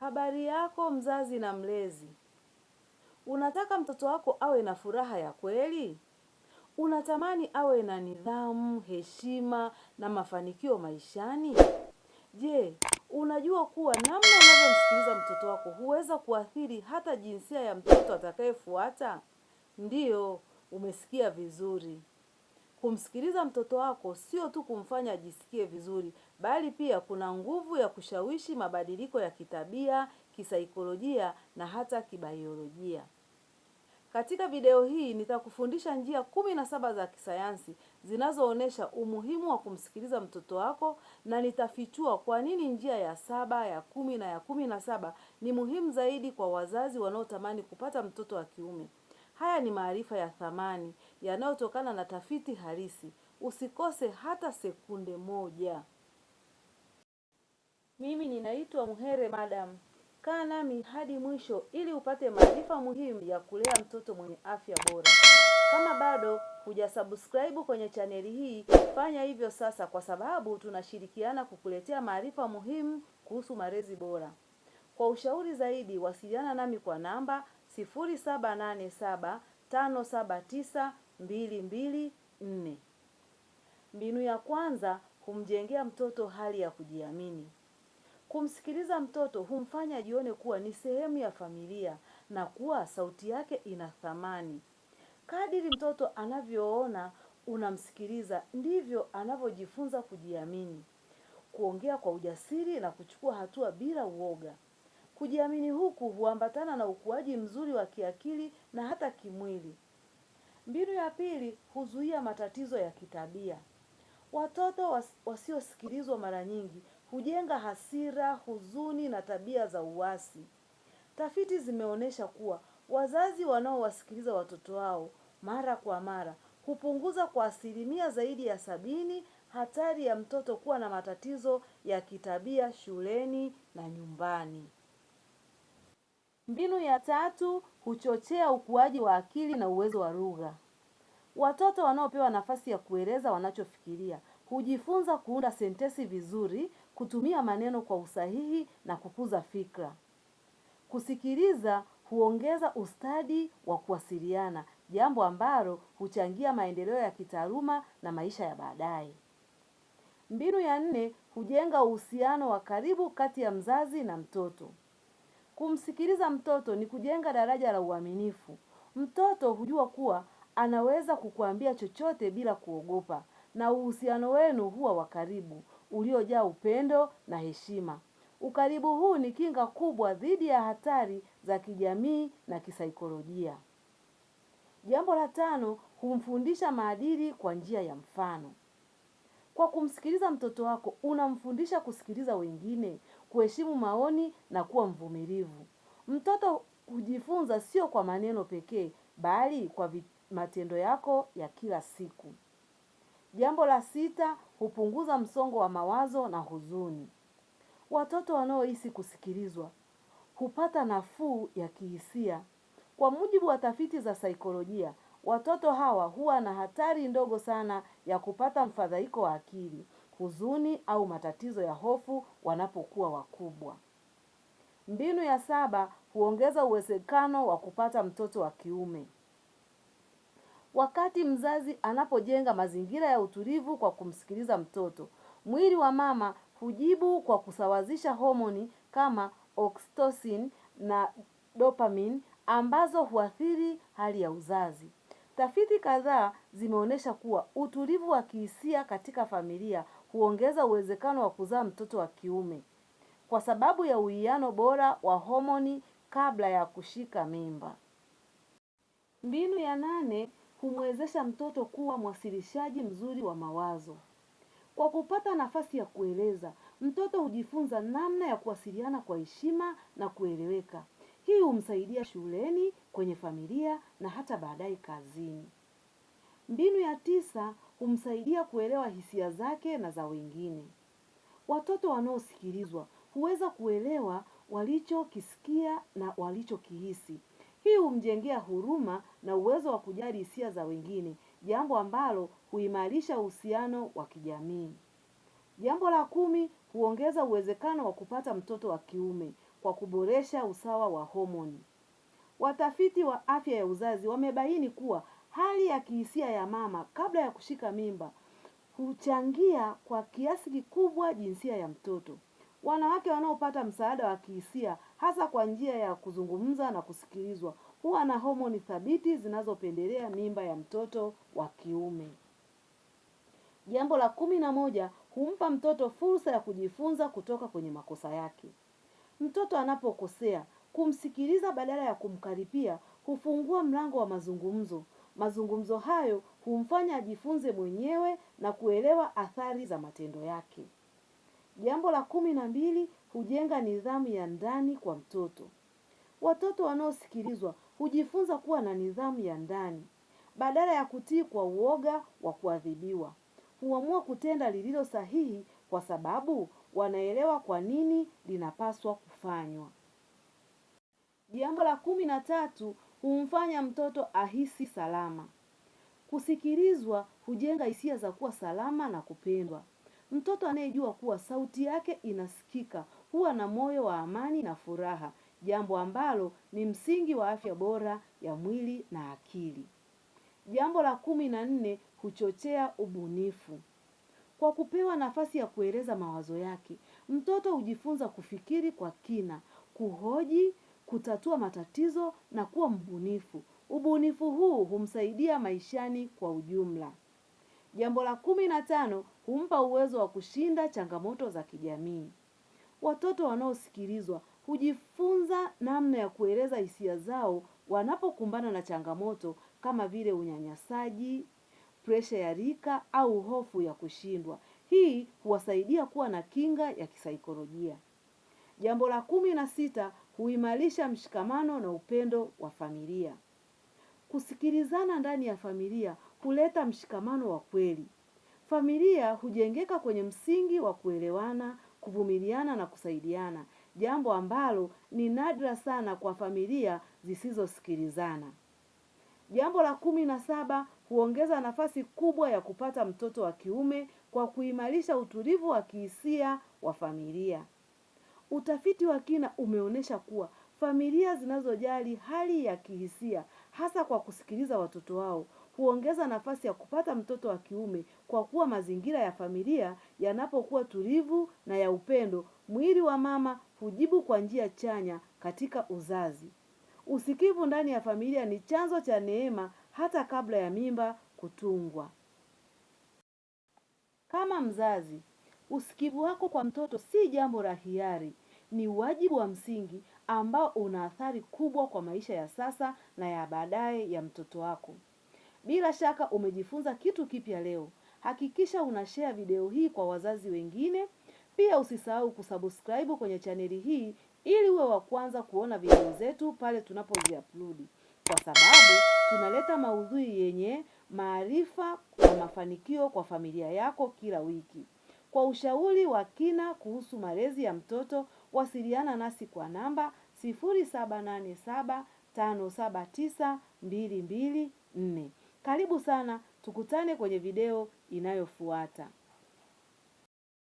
Habari yako mzazi na mlezi. Unataka mtoto wako awe na furaha ya kweli? Unatamani awe na nidhamu, heshima na mafanikio maishani? Je, unajua kuwa namna unavyomsikiliza mtoto wako huweza kuathiri hata jinsia ya mtoto atakayefuata? Ndiyo, umesikia vizuri. Kumsikiliza mtoto wako sio tu kumfanya ajisikie vizuri, bali pia kuna nguvu ya kushawishi mabadiliko ya kitabia, kisaikolojia na hata kibaiolojia. Katika video hii nitakufundisha njia kumi na saba za kisayansi zinazoonyesha umuhimu wa kumsikiliza mtoto wako na nitafichua kwa nini njia ya saba, ya kumi na ya kumi na saba ni muhimu zaidi kwa wazazi wanaotamani kupata mtoto wa kiume. Haya ni maarifa ya thamani yanayotokana na tafiti halisi. Usikose hata sekunde moja. Mimi ninaitwa Muhere Madam. Kaa nami hadi mwisho ili upate maarifa muhimu ya kulea mtoto mwenye afya bora. Kama bado hujasubscribe kwenye chaneli hii, fanya hivyo sasa, kwa sababu tunashirikiana kukuletea maarifa muhimu kuhusu malezi bora. Kwa ushauri zaidi, wasiliana nami kwa namba Mbinu ya kwanza humjengea mtoto hali ya kujiamini. Kumsikiliza mtoto humfanya ajione kuwa ni sehemu ya familia na kuwa sauti yake ina thamani. Kadiri mtoto anavyoona unamsikiliza, ndivyo anavyojifunza kujiamini, kuongea kwa ujasiri na kuchukua hatua bila uoga. Kujiamini huku huambatana na ukuaji mzuri wa kiakili na hata kimwili. Mbinu ya pili, huzuia matatizo ya kitabia. Watoto wasiosikilizwa mara nyingi hujenga hasira, huzuni na tabia za uasi. Tafiti zimeonyesha kuwa wazazi wanaowasikiliza watoto wao mara kwa mara hupunguza kwa asilimia zaidi ya sabini hatari ya mtoto kuwa na matatizo ya kitabia shuleni na nyumbani. Mbinu ya tatu, huchochea ukuaji wa akili na uwezo wa lugha. Watoto wanaopewa nafasi ya kueleza wanachofikiria hujifunza kuunda sentensi vizuri, kutumia maneno kwa usahihi na kukuza fikra. Kusikiliza huongeza ustadi wa kuwasiliana, jambo ambalo huchangia maendeleo ya kitaaluma na maisha ya baadaye. Mbinu ya nne, hujenga uhusiano wa karibu kati ya mzazi na mtoto. Kumsikiliza mtoto ni kujenga daraja la uaminifu. Mtoto hujua kuwa anaweza kukuambia chochote bila kuogopa, na uhusiano wenu huwa wa karibu, uliojaa upendo na heshima. Ukaribu huu ni kinga kubwa dhidi ya hatari za kijamii na kisaikolojia. Jambo la tano, humfundisha maadili kwa njia ya mfano. Kwa kumsikiliza mtoto wako, unamfundisha kusikiliza wengine, kuheshimu maoni na kuwa mvumilivu. Mtoto hujifunza sio kwa maneno pekee, bali kwa matendo yako ya kila siku. Jambo la sita, hupunguza msongo wa mawazo na huzuni. Watoto wanaohisi kusikilizwa, hupata nafuu ya kihisia. Kwa mujibu wa tafiti za saikolojia, watoto hawa huwa na hatari ndogo sana ya kupata mfadhaiko wa akili huzuni au matatizo ya hofu wanapokuwa wakubwa. Mbinu ya saba huongeza uwezekano wa kupata mtoto wa kiume. Wakati mzazi anapojenga mazingira ya utulivu kwa kumsikiliza mtoto, mwili wa mama hujibu kwa kusawazisha homoni kama oxytocin na dopamine ambazo huathiri hali ya uzazi. Tafiti kadhaa zimeonyesha kuwa utulivu wa kihisia katika familia huongeza uwezekano wa kuzaa mtoto wa kiume kwa sababu ya uwiano bora wa homoni kabla ya kushika mimba. Mbinu ya nane humwezesha mtoto kuwa mwasilishaji mzuri wa mawazo. Kwa kupata nafasi ya kueleza, mtoto hujifunza namna ya kuwasiliana kwa heshima na kueleweka. Hii humsaidia shuleni, kwenye familia na hata baadaye kazini. Mbinu ya tisa humsaidia kuelewa hisia zake na za wengine. Watoto wanaosikilizwa huweza kuelewa walichokisikia na walichokihisi. Hii humjengea huruma na uwezo wa kujali hisia za wengine, jambo ambalo huimarisha uhusiano wa kijamii. Jambo la kumi, huongeza uwezekano wa kupata mtoto wa kiume kwa kuboresha usawa wa homoni. Watafiti wa afya ya uzazi wamebaini kuwa Hali ya kihisia ya mama kabla ya kushika mimba huchangia kwa kiasi kikubwa jinsia ya mtoto. Wanawake wanaopata msaada wa kihisia hasa kwa njia ya kuzungumza na kusikilizwa huwa na homoni thabiti zinazopendelea mimba ya mtoto wa kiume. Jambo la kumi na moja humpa mtoto fursa ya kujifunza kutoka kwenye makosa yake. Mtoto anapokosea kumsikiliza badala ya kumkaripia hufungua mlango wa mazungumzo Mazungumzo hayo humfanya ajifunze mwenyewe na kuelewa athari za matendo yake. Jambo la kumi na mbili, hujenga nidhamu ya ndani kwa mtoto. Watoto wanaosikilizwa hujifunza kuwa na nidhamu ya ndani. Badala ya kutii kwa uoga wa kuadhibiwa, huamua kutenda lililo sahihi kwa sababu wanaelewa kwa nini linapaswa kufanywa. Jambo la kumi na tatu, humfanya mtoto ahisi salama. Kusikilizwa hujenga hisia za kuwa salama na kupendwa. Mtoto anayejua kuwa sauti yake inasikika huwa na moyo wa amani na furaha, jambo ambalo ni msingi wa afya bora ya mwili na akili. Jambo la kumi na nne, huchochea ubunifu. Kwa kupewa nafasi ya kueleza mawazo yake, mtoto hujifunza kufikiri kwa kina, kuhoji kutatua matatizo na kuwa mbunifu. Ubunifu huu humsaidia maishani kwa ujumla. Jambo la kumi na tano, humpa uwezo wa kushinda changamoto za kijamii. Watoto wanaosikilizwa hujifunza namna ya kueleza hisia zao wanapokumbana na changamoto kama vile unyanyasaji, presha ya rika au hofu ya kushindwa. Hii huwasaidia kuwa na kinga ya kisaikolojia. Jambo la kumi na sita, huimarisha mshikamano na upendo wa familia. Kusikilizana ndani ya familia huleta mshikamano wa kweli. Familia hujengeka kwenye msingi wa kuelewana, kuvumiliana na kusaidiana, jambo ambalo ni nadra sana kwa familia zisizosikilizana. Jambo la kumi na saba, huongeza nafasi kubwa ya kupata mtoto wa kiume kwa kuimarisha utulivu wa kihisia wa familia. Utafiti wa kina umeonyesha kuwa familia zinazojali hali ya kihisia hasa kwa kusikiliza watoto wao huongeza nafasi ya kupata mtoto wa kiume kwa kuwa mazingira ya familia yanapokuwa tulivu na ya upendo, mwili wa mama hujibu kwa njia chanya katika uzazi. Usikivu ndani ya familia ni chanzo cha neema hata kabla ya mimba kutungwa. Kama mzazi, Usikivu wako kwa mtoto si jambo la hiari, ni wajibu wa msingi ambao una athari kubwa kwa maisha ya sasa na ya baadaye ya mtoto wako. Bila shaka umejifunza kitu kipya leo. Hakikisha unashare video hii kwa wazazi wengine. Pia usisahau kusubscribe kwenye chaneli hii ili uwe wa kwanza kuona video zetu pale tunapoziupload, kwa sababu tunaleta maudhui yenye maarifa na mafanikio kwa familia yako kila wiki. Kwa ushauri wa kina kuhusu malezi ya mtoto, wasiliana nasi kwa namba 0787579224. Karibu sana, tukutane kwenye video inayofuata.